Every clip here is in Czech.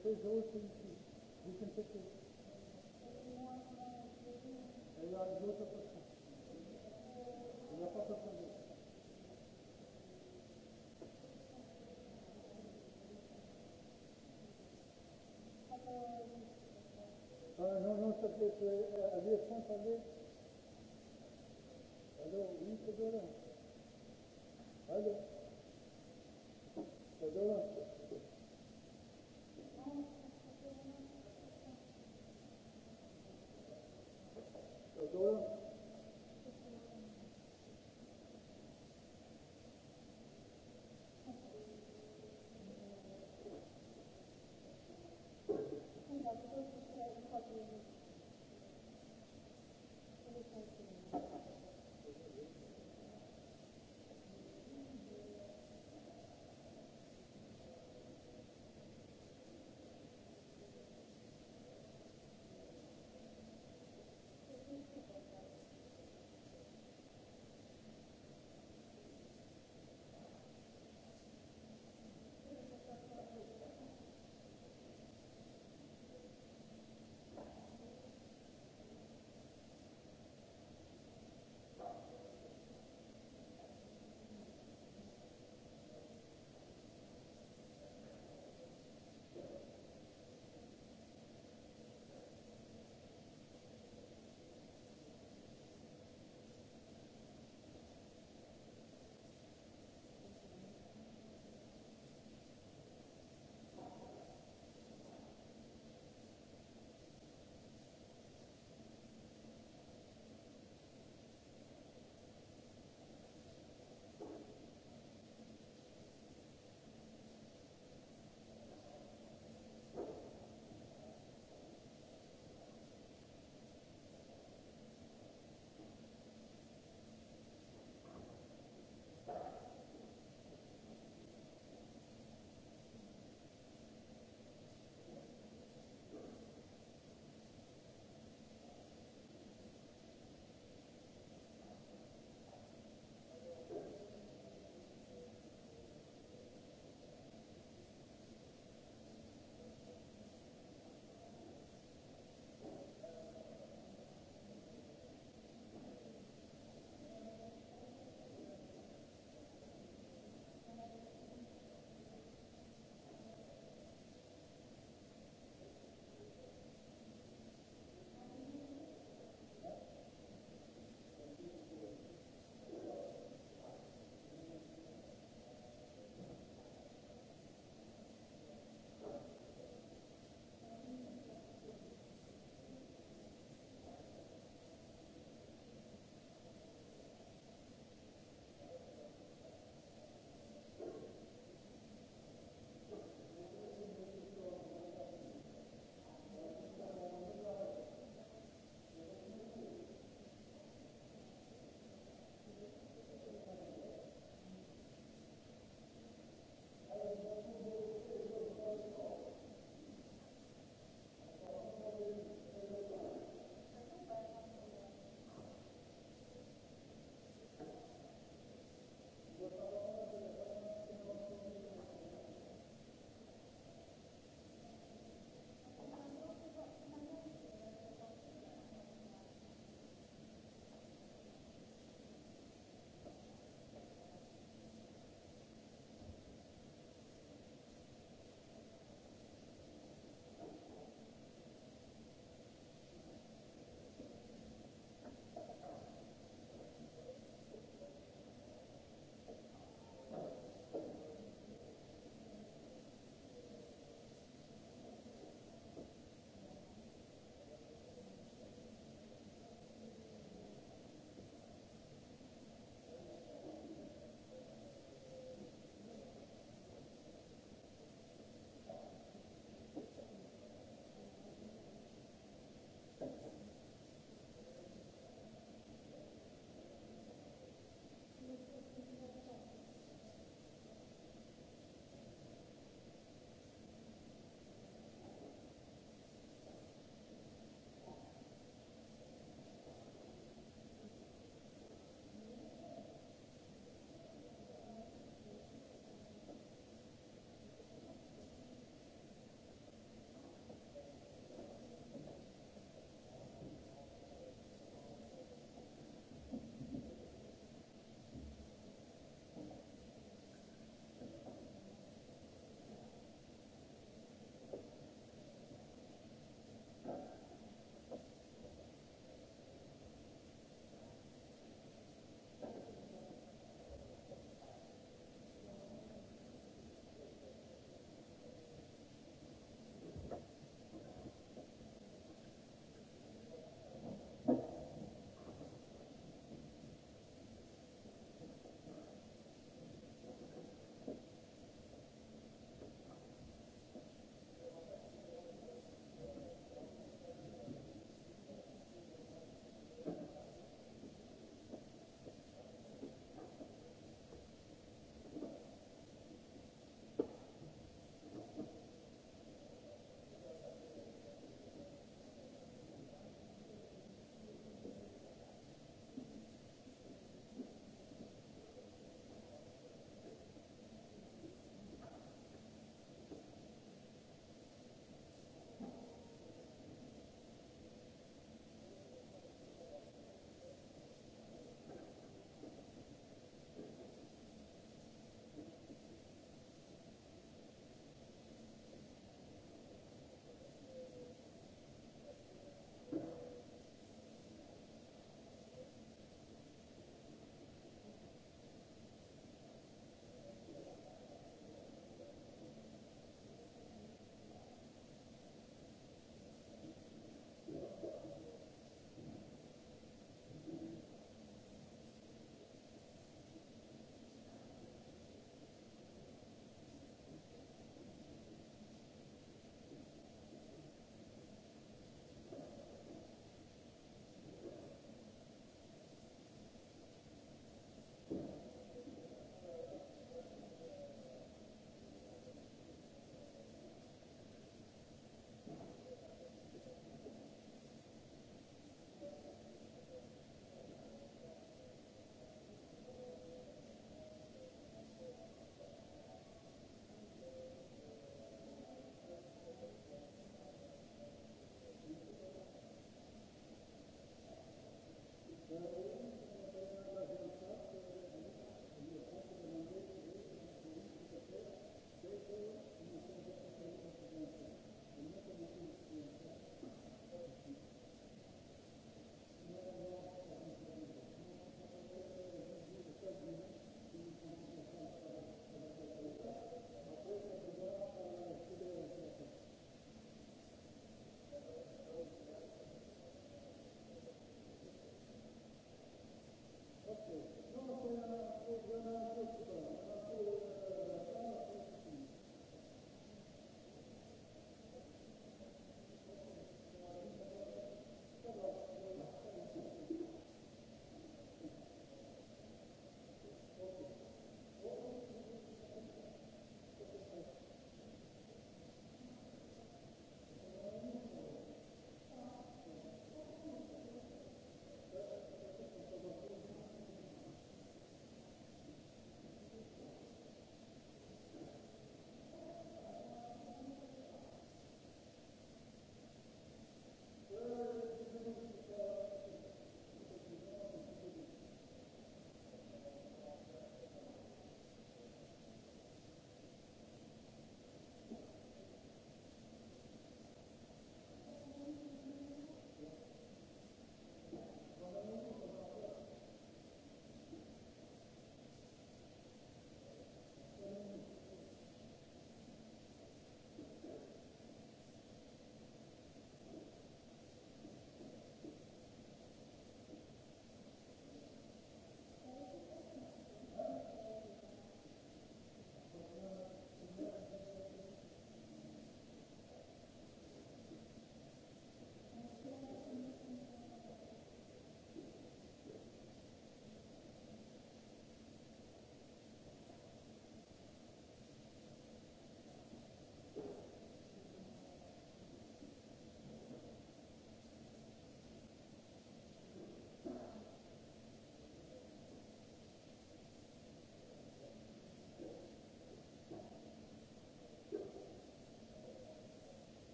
there's those things we can take it. You are a beautiful person. Uh, no, no, subject, uh, aviation subject. Hello, we Hello.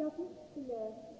jag tycker